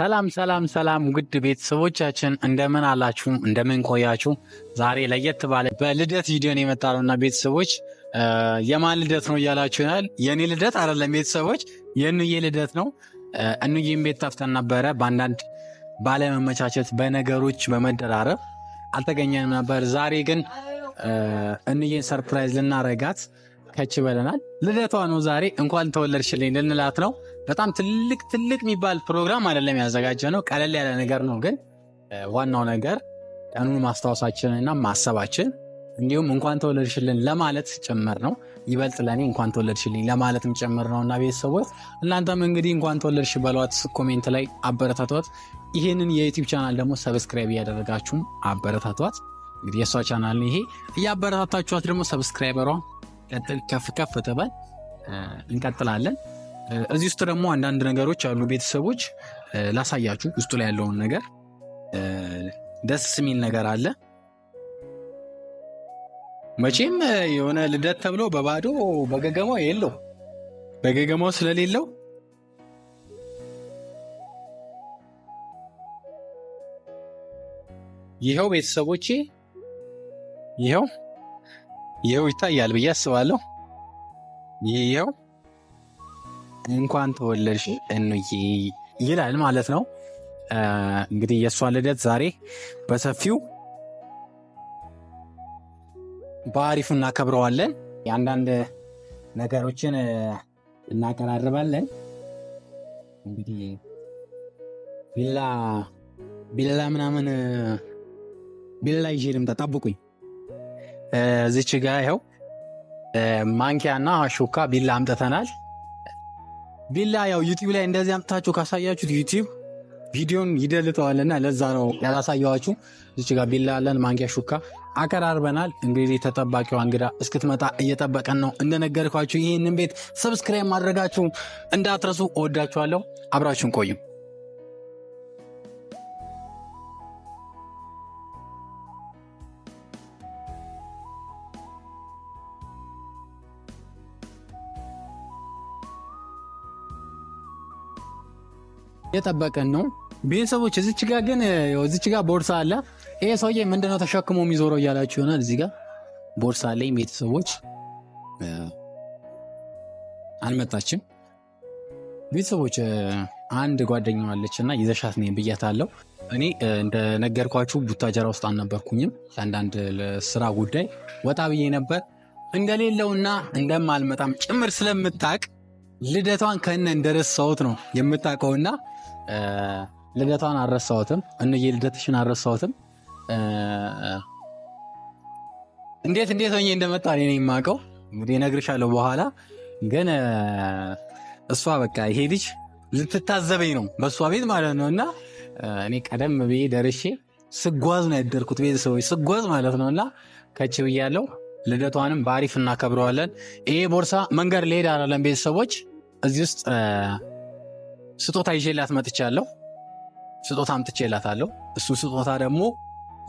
ሰላም ሰላም ሰላም ውድ ቤተሰቦቻችን እንደምን አላችሁ? እንደምን ቆያችሁ? ዛሬ ለየት ባለ በልደት ቪዲዮን የመጣነው ቤተሰቦች የማን ልደት ነው እያላችሁ ይሆናል። የእኔ ልደት አይደለም ቤተሰቦች፣ የእኑዬ ልደት ነው። እኑዬም ቤት ጠፍተን ነበረ። በአንዳንድ ባለመመቻቸት፣ በነገሮች በመደራረብ አልተገኘንም ነበር። ዛሬ ግን እኑዬን ሰርፕራይዝ ልናረጋት ከች በለናል። ልደቷ ነው ዛሬ። እንኳን ተወለድሽልኝ ልንላት ነው በጣም ትልቅ ትልቅ የሚባል ፕሮግራም አይደለም ያዘጋጀ ነው። ቀለል ያለ ነገር ነው። ግን ዋናው ነገር ቀኑን ማስታወሳችንና ማሰባችን እንዲሁም እንኳን ተወለድሽልን ለማለት ጭምር ነው። ይበልጥ ለእኔ እንኳን ተወለድሽልኝ ለማለትም ጭምር ነው እና ቤተሰቦች እናንተም እንግዲህ እንኳን ተወለድሽ በሏት፣ ኮሜንት ላይ አበረታቷት። ይህንን የዩቲብ ቻናል ደግሞ ሰብስክራይብ እያደረጋችሁም አበረታቷት። እንግዲህ የእሷ ቻናል ይሄ እያበረታታችኋት ደግሞ ሰብስክራይበሯ ቀጥል ከፍ ከፍ ትበል። እንቀጥላለን። እዚህ ውስጥ ደግሞ አንዳንድ ነገሮች አሉ። ቤተሰቦች ላሳያችሁ ውስጡ ላይ ያለውን ነገር። ደስ የሚል ነገር አለ። መቼም የሆነ ልደት ተብሎ በባዶ በገገማው የለው በገገማው ስለሌለው ይኸው ቤተሰቦቼ ይኸው ይኸው ይታያል ብዬ አስባለሁ። ይኸው እንኳን ተወለድሽ እኑዬ ይላል ማለት ነው። እንግዲህ የእሷ ልደት ዛሬ በሰፊው በአሪፉ እናከብረዋለን። የአንዳንድ ነገሮችን እናቀራርባለን። እንግዲህ ቢላ ቢላ ምናምን ቢላ ይዤ ልምጣ፣ ጠብቁኝ። እዚች ጋ ይኸው ማንኪያና ሹካ ቢላ አምጥተናል። ቢላ ያው ዩቲብ ላይ እንደዚህ አምጥታችሁ ካሳያችሁት ዩቲብ ቪዲዮን ይደልተዋልና ለዛ ነው ያላሳየዋችሁ። እዚች ጋር ቢላ አለን፣ ማንኪያ፣ ሹካ አቀራርበናል። እንግዲህ ተጠባቂዋ እንግዳ እስክትመጣ እየጠበቀን ነው። እንደነገርኳችሁ ይህንን ቤት ሰብስክራይብ ማድረጋችሁ እንዳትረሱ። እወዳችኋለሁ። አብራችሁን ቆዩም የጠበቀን ነው። ቤተሰቦች እዚች ጋ ግን እዚች ጋ ቦርሳ አለ። ይሄ ሰውዬ ምንድነው ተሸክሞ የሚዞረው እያላችሁ ይሆናል። እዚህ ጋ ቦርሳ አለኝ። ቤተሰቦች አልመጣችም። ቤተሰቦች አንድ ጓደኛ አለች እና ይዘሻት ነኝ ብያታለሁ። እኔ እንደነገርኳችሁ ቡታጀራ ውስጥ አልነበርኩኝም። ለአንዳንድ ስራ ጉዳይ ወጣ ብዬ ነበር እንደሌለውና እንደማልመጣም ጭምር ስለምታቅ ልደቷን ከነ እንደረሳሁት ነው የምታውቀውና ልደቷን አረሳሁትም እነ የልደትሽን አረሳሁትም እንዴት እንዴት ሆኜ እንደመጣ ነው የማውቀው። እንግዲህ እነግርሻለሁ በኋላ ግን እሷ በቃ ይሄ ልጅ ልትታዘበኝ ነው በእሷ ቤት ማለት ነው። እና እኔ ቀደም ብዬ ደርሼ ስጓዝ ነው ያደርኩት ቤተሰቦች ስጓዝ ማለት ነው። እና ከች ብያለው ልደቷንም በአሪፍ እናከብረዋለን። ይሄ ቦርሳ መንገድ ልሄድ አላለን። ቤተሰቦች እዚህ ውስጥ ስጦታ ይዤላት መጥቻለሁ። ስጦታ አምጥቼላታለሁ። እሱ ስጦታ ደግሞ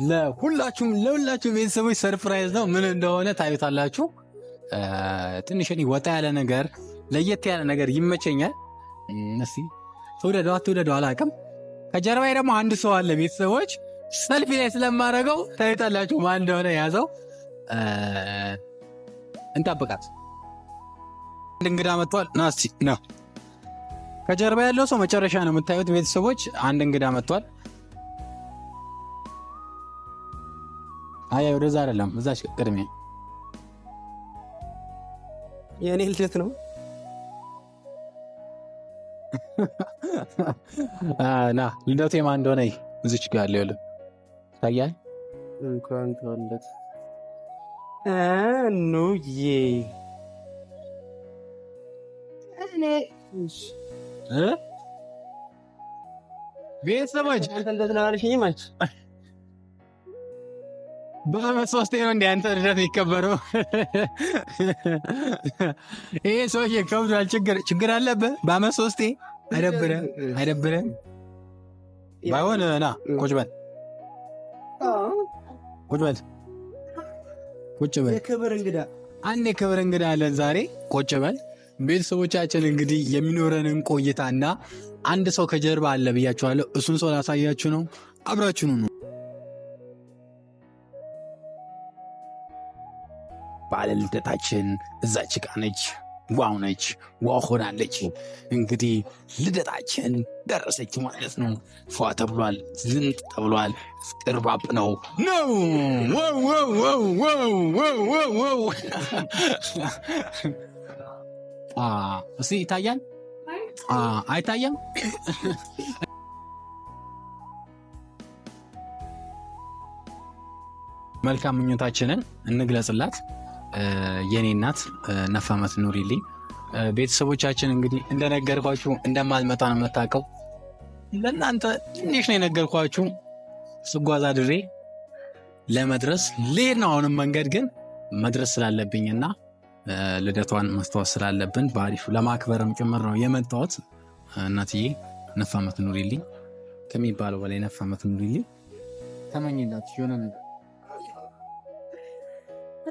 ለሁላችሁም ለሁላችሁ ቤተሰቦች ሰርፕራይዝ ነው። ምን እንደሆነ ታዩታላችሁ። ትንሽ ወጣ ያለ ነገር ለየት ያለ ነገር ይመቸኛል። እስኪ ትውደዱ ትውደደዋ አላውቅም። ከጀርባዬ ደግሞ አንድ ሰው አለ ቤተሰቦች ሰልፊ ላይ ስለማደርገው ታዩታላችሁ ማን እንደሆነ የያዘው እንጠብቃት። አንድ እንግዳ መጥቷል። ና እስኪ ና። ከጀርባ ያለው ሰው መጨረሻ ነው የምታዩት ቤተሰቦች። አንድ እንግዳ መጥቷል። አያ ወደዛ አይደለም፣ እዛ ቅድሜ የእኔ ልደት ነው ና ልደቴ የማን እንደሆነ እዚች ጋር ያለው ታያል። እንኳን ተወለድክ እንዬ እኔ ቤተሰቦች በአመት ሶስቴ ነው እንደ አንተ ልደት የሚከበረው። ይሄ ከብዷል። ችግር ችግር አለብህ። በአመት ሶስቴ ባይሆን ና ቁጭ በል ቁጭ በል ቁጭ በል የክብር እንግዳ አንድ የክብር እንግዳ አለን ዛሬ። ቁጭ በል ቤተሰቦቻችን እንግዲህ የሚኖረንን ቆይታ እና አንድ ሰው ከጀርባ አለ ብያችኋለሁ። እሱን ሰው ላሳያችሁ ነው። አብራችኑ ነው። ባለልደታችን እዛች ጋ ነች። ዋው ነች፣ ዋው ሆናለች። እንግዲህ ልደታችን ደረሰች ማለት ነው። ፏ ተብሏል፣ ዝንጥ ተብሏል። ቅርባብ ነው ነው ይታያል አይታያም? መልካም ምኞታችንን እንግለጽላት። የኔ እናት ነፋመት ኑሪልኝ። ቤተሰቦቻችን እንግዲህ እንደነገርኳችሁ እንደማልመጣ ነው የምታውቀው። ለእናንተ ትንሽ ነው የነገርኳችሁ። ስጓዝ አድሬ ለመድረስ ልሄድ ነው። አሁንም መንገድ ግን መድረስ ስላለብኝና ልደቷን መስታወት ስላለብን በአሪፉ ለማክበርም ጭምር ነው የመጣሁት። እናትዬ ነፋመት ኑሪልኝ ከሚባለው በላይ ነፋመት ኑሪልኝ። ተመኝላት የሆነ ነገር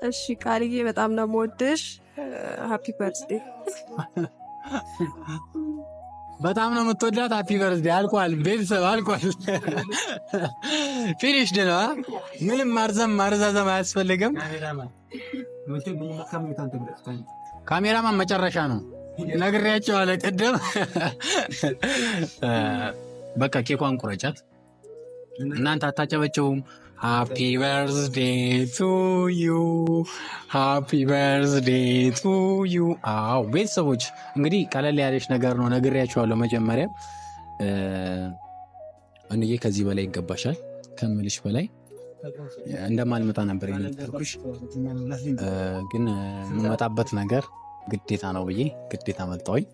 እሺ ቃልዬ፣ በጣም ነው የምወድሽ። ሀፒ በርዝዴ። በጣም ነው የምትወዳት። ሀፒ በርዝዴ። አልቋል፣ ቤተሰብ አልቋል። ፊኒሽድ ነው። ምንም ማርዘም ማረዛዘም አያስፈልግም። ካሜራማን መጨረሻ ነው አለ ቅድም በቃ ኬኳን ቁረጫት። እናንተ አታጨበጭቡም Happy birthday to you ሃፒ በርዝዴ ቱ ዩ። አዎ ቤተሰቦች እንግዲህ ቀለል ያለች ነገር ነው ነግሬያችኋለሁ። መጀመሪያ እንዬ ከዚህ በላይ ይገባሻል ከምልሽ በላይ እንደማልመጣ ነበር የነገርኩሽ፣ ግን የምመጣበት ነገር ግዴታ ነው ብዬ ግዴታ መጣሁኝ።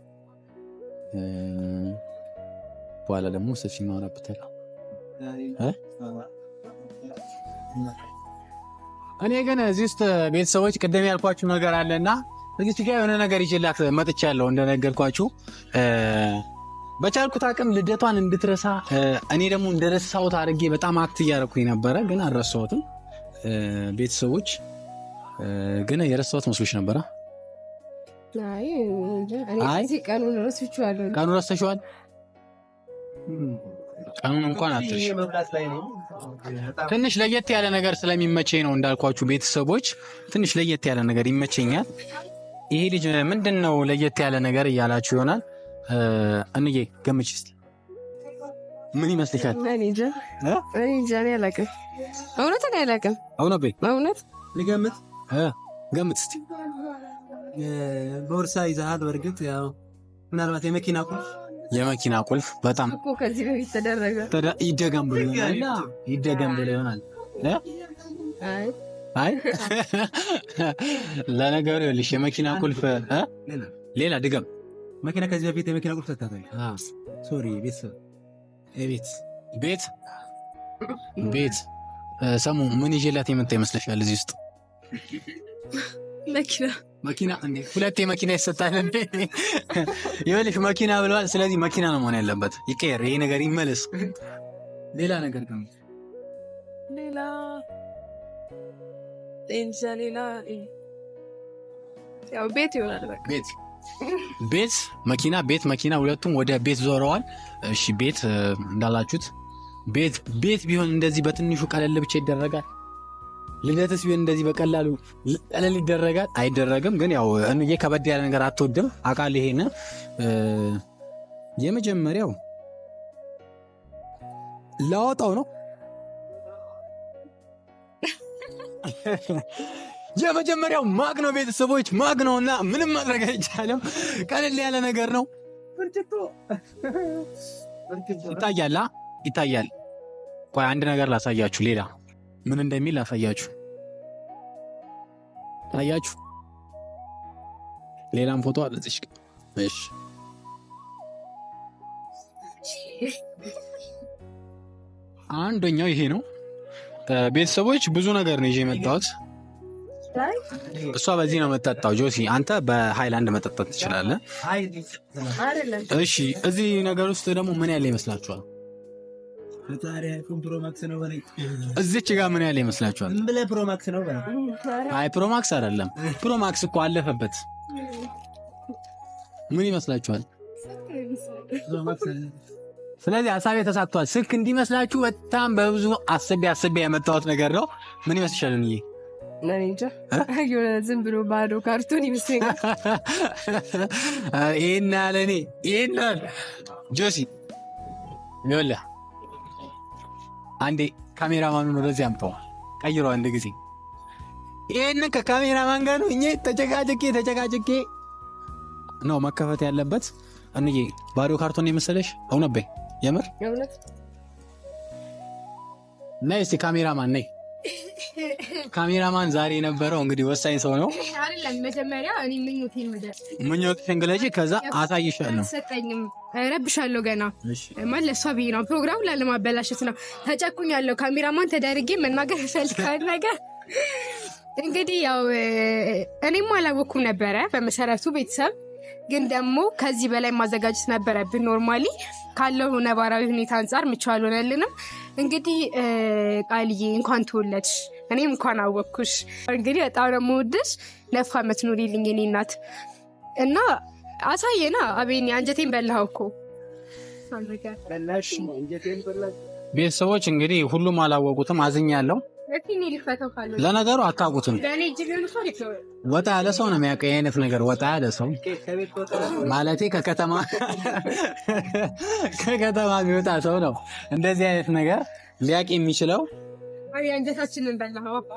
በኋላ ደግሞ ሰፊ ማውራበታለሁ። እኔ ግን እዚህ ውስጥ ቤተሰቦች ቅድም ያልኳችሁ ነገር አለና እዚህ ጋ የሆነ ነገር ይችላት መጥቻለሁ እንደነገርኳችሁ በቻልኩት አቅም ልደቷን እንድትረሳ እኔ ደግሞ እንደረሳሁት አድርጌ በጣም አክት እያደረኩኝ ነበረ፣ ግን አልረሳሁትም። ቤተሰቦች ግን የረሳሁት መስሎች ነበረ። ቀኑን ረስተሽዋል። ቀኑን እንኳን አትርሽ ትንሽ ለየት ያለ ነገር ስለሚመቸኝ ነው እንዳልኳችሁ፣ ቤተሰቦች ትንሽ ለየት ያለ ነገር ይመቸኛል። ይሄ ልጅ ምንድን ነው ለየት ያለ ነገር እያላችሁ ይሆናል። እንዬ ገምች እስኪ ምን ይመስልሻል? እውነትን አላውቅም። እውነት ልገምት፣ ገምት እስኪ። ቦርሳ ይዘሃል? በእርግጥ ያው ምናልባት የመኪና ቁልፍ የመኪና ቁልፍ በጣም እኮ ከዚህ በፊት ተደረገ። ይደገም ብሎ ይደገም ብሎ ይሆናል። አይ ለነገሩ ይኸውልሽ የመኪና ቁልፍ ሌላ ድገም። መኪና ከዚህ በፊት የመኪና ቁልፍ ተታታል። ሶሪ ቤት ቤት ቤት ቤት ሰሙ ምን ይዤላት የመጣ ይመስለሻል እዚህ ውስጥ መኪና መኪና እንዴ ሁለቴ መኪና ይሰጣል እንዴ? ይኸውልሽ መኪና ብለዋል። ስለዚህ መኪና ነው መሆን ያለበት። ይቀየር፣ ይሄ ነገር ይመለስ። ሌላ ነገር ግን ሌላ እንጃ፣ ሌላ ያው ቤት ይሆናል። በቃ ቤት ቤት መኪና ቤት መኪና ሁለቱም ወደ ቤት ዞረዋል። እሺ ቤት እንዳላችሁት ቤት ቤት ቢሆን እንደዚህ በትንሹ ቀለል ብቻ ይደረጋል። ልደትስ ቢሆን እንደዚህ በቀላሉ ቀለል ይደረጋል አይደረግም። ግን ያው እኔ ከበድ ያለ ነገር አትወድም አቃል ይሄን የመጀመሪያው ላወጣው ነው። የመጀመሪያው ማግ ነው። ቤተሰቦች ማግ ነው እና ምንም ማድረግ አይቻልም። ቀለል ያለ ነገር ነው። ይታያል ይታያል። ቆይ አንድ ነገር ላሳያችሁ ሌላ ምን እንደሚል አሳያችሁ። አያችሁ? ሌላም ፎቶ አለ እሺ አንደኛው ይሄ ነው። ቤተሰቦች ብዙ ነገር ነው ይዤ የመጣሁት። እሷ በዚህ ነው የምጠጣው። ጆሲ አንተ በሃይላንድ መጠጣት ትችላለህ። እሺ እዚህ ነገር ውስጥ ደግሞ ምን ያለ ይመስላችኋል? እዚች ጋር ምን ያለ ይመስላችኋል? ፕሮማክስ ነው። አይ ፕሮማክስ አይደለም። ፕሮማክስ እኮ አለፈበት። ምን ይመስላችኋል? ስለዚህ ሀሳቤ ተሳትቷል። ስልክ እንዲመስላችሁ በጣም በብዙ አስቤ አስቤ ያመጣሁት ነገር ነው። ምን ይመስልሻል? እንዬ ዝም ብሎ ባዶ ካርቶን ይመስለኛል። ይህና ለእኔ ይህናል ጆሲ ይኸውልህ አንዴ ካሜራማኑን ወደዚህ አምጠዋ ቀይሮ አንድ ጊዜ ይህንን ከካሜራማን ጋር እኜ ተጨቃጭቄ ተጨቃጭቄ ነው መከፈት ያለበት። እንዬ ባዶ ካርቶን የመሰለሽ እውነበ የምር ነይ ካሜራማን ነይ ካሜራማን ዛሬ የነበረው እንግዲህ ወሳኝ ሰው ነው። አይደለም ምኞትሽን ግለጪ፣ ከዛ አሳይሻለሁ። ረብሻለሁ ገና ማለት ለእሷ ብዬ ነው። ፕሮግራሙ ላለማበላሸት ነው። ያለው ካሜራማን ተደርጌ መናገር ይፈልጋል ነገር እንግዲህ ያው እኔም አላወኩም ነበረ በመሰረቱ ቤተሰብ ግን ደግሞ ከዚህ በላይ ማዘጋጀት ነበረብን። ኖርማሊ ካለው ነባራዊ ሁኔታ አንጻር ምቹ አልሆነልንም። እንግዲህ ቃልዬ እንኳን ተወለድሽ። እኔም እንኳን አወቅኩሽ። እንግዲህ በጣም ነው የምወድሽ። ነፍ ዓመት ኑሪልኝ የኔ እናት እና አሳየና አቤኒ አንጀቴን በላኸው እኮ ቤተሰቦች እንግዲህ ሁሉም አላወቁትም። ያለው ለነገሩ አታውቁትም። ወጣ ያለ ሰው ነው የሚያውቀው የአይነት ነገር። ወጣ ያለ ሰው ማለቴ ከከተማ ከከተማ የሚወጣ ሰው ነው እንደዚህ አይነት ነገር ሊያውቅ የሚችለው። አይ አንጀታችንን በላኸው አባ።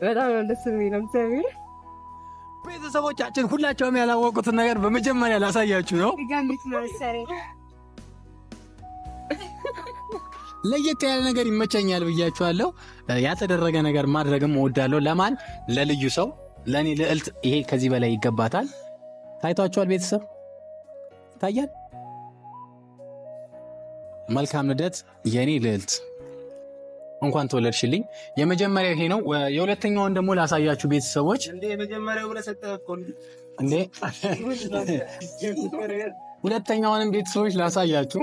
በጣም ደስ የሚለው። እግዚአብሔር ቤተሰቦቻችን ሁላቸውም ያላወቁትን ነገር በመጀመሪያ ላሳያችሁ ነው። ለየት ያለ ነገር ይመቸኛል ብያችኋለሁ። ያልተደረገ ነገር ማድረግም እወዳለሁ። ለማን ለልዩ ሰው ለእኔ ልዕልት ይሄ ከዚህ በላይ ይገባታል። ታይቷችኋል። ቤተሰብ ይታያል። መልካም ልደት የእኔ ልዕልት፣ እንኳን ተወለድሽልኝ። የመጀመሪያው ይሄ ነው። የሁለተኛውን ደግሞ ላሳያችሁ ቤተሰቦች። ሁለተኛውንም ቤተሰቦች ላሳያችሁ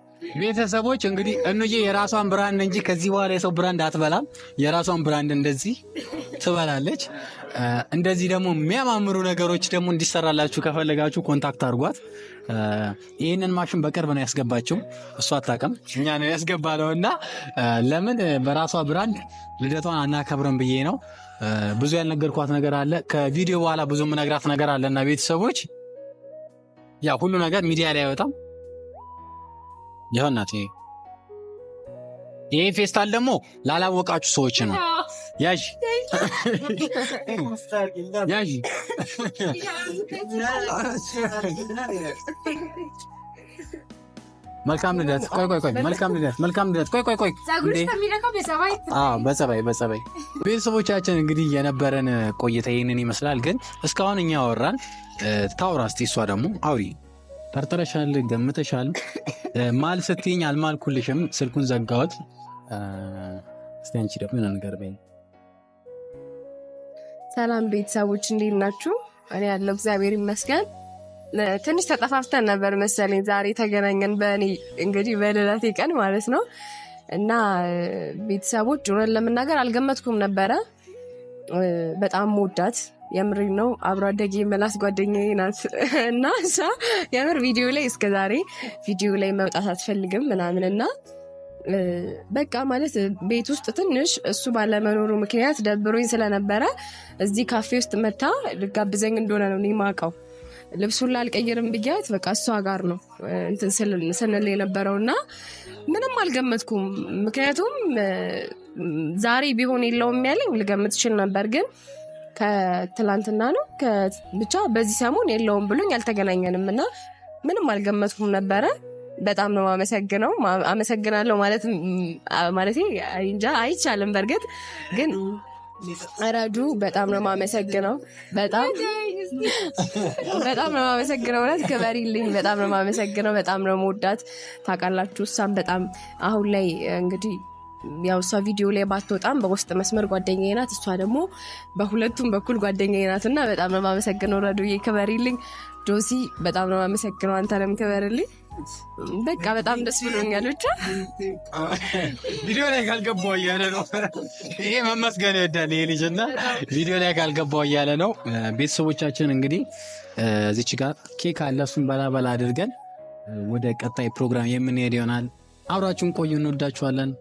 ቤተሰቦች እንግዲህ እኑዬ የራሷን ብራንድ እንጂ ከዚህ በኋላ የሰው ብራንድ አትበላም። የራሷን ብራንድ እንደዚህ ትበላለች። እንደዚህ ደግሞ የሚያማምሩ ነገሮች ደግሞ እንዲሰራላችሁ ከፈለጋችሁ ኮንታክት አድርጓት። ይህንን ማሽን በቅርብ ነው ያስገባችው። እሷ አታውቅም፣ እኛ ነው ነው እና ለምን በራሷ ብራንድ ልደቷን አናከብርም ብዬ ነው። ብዙ ያልነገርኳት ነገር አለ። ከቪዲዮ በኋላ ብዙ የምነግራት ነገር አለ እና ቤተሰቦች ያ ሁሉ ነገር ሚዲያ ላይ አይወጣም። ይኸው እናቴ፣ ይህ ፌስታል ደግሞ ላላወቃችሁ ሰዎች ነው። ያዥ ያዥ። መልካም ልደት። ቆይ ቆይ ቆይ፣ መልካም ልደት፣ መልካም ልደት። ቆይ ቆይ ቆይ፣ በጸባይ በጸባይ። ቤተሰቦቻችን እንግዲህ የነበረን ቆይታ ይህንን ይመስላል። ግን እስካሁን እኛ አወራን። ታውራ እስቲ እሷ ደግሞ አውሪ ጠርጥረሻል፣ ገምተሻል። ማል ስትይኝ አልማልኩልሽም። ስልኩን ዘጋሁት። እስቲ አንቺ ደግሞ ሰላም ቤተሰቦች እንዴት ናችሁ? እኔ ያለው እግዚአብሔር ይመስገን። ትንሽ ተጠፋፍተን ነበር መሰለኝ። ዛሬ ተገናኘን፣ በእኔ እንግዲህ በልደቴ ቀን ማለት ነው። እና ቤተሰቦች ጆረን ለመናገር አልገመትኩም ነበረ በጣም መወዳት የምር ነው አብሮ አደጌ መላስ ጓደኛዬ ናት እና እሷ የምር ቪዲዮ ላይ ዛሬ ቪዲዮ ላይ መውጣት አትፈልግም ምናምን እና በቃ ማለት ቤት ውስጥ ትንሽ እሱ ባለመኖሩ ምክንያት ደብሮኝ ስለነበረ እዚህ ካፌ ውስጥ መታ ልጋብዘኝ እንደሆነ ነው እኔ የማውቀው። ልብሱን ላልቀይርም ብያት በቃ እሷ ጋር ነው እንትን ስንል የነበረው እና ምንም አልገመትኩም። ምክንያቱም ዛሬ ቢሆን የለውም ያለኝ ልገምት ይችል ነበር ግን ከትላንትና ነው ብቻ በዚህ ሰሞን የለውም ብሎኝ አልተገናኘንም እና ምንም አልገመትኩም ነበረ። በጣም ነው አመሰግነው አመሰግናለሁ ማለት ማለት እንጃ አይቻልም። በእርግጥ ግን ረዱ በጣም ነው የማመሰግነው። በጣም በጣም ነው የማመሰግነው። እውነት ክበሪልኝ። በጣም ነው የማመሰግነው። በጣም ነው መወዳት ታውቃላችሁ። እሷም በጣም አሁን ላይ እንግዲህ ያው እሷ ቪዲዮ ላይ ባትወጣም በውስጥ መስመር ጓደኛዬ ናት። እሷ ደግሞ በሁለቱም በኩል ጓደኛዬ ናት እና በጣም ነው የማመሰግነው። ረዱዬ ክበሪልኝ። ዶሲ በጣም ነው የማመሰግነው። አንተንም ክበርልኝ። በቃ በጣም ደስ ብሎኛል። ብቻ ቪዲዮ ላይ ካልገባው እያለ ነው። ይሄ መመስገን ይወዳል ይሄ ልጅ እና ቪዲዮ ላይ ካልገባው እያለ ነው። ቤተሰቦቻችን እንግዲህ እዚች ጋር ኬክ አለ። እሱን በላበላ አድርገን ወደ ቀጣይ ፕሮግራም የምንሄድ ይሆናል። አብራችሁን ቆዩ። እንወዳችኋለን።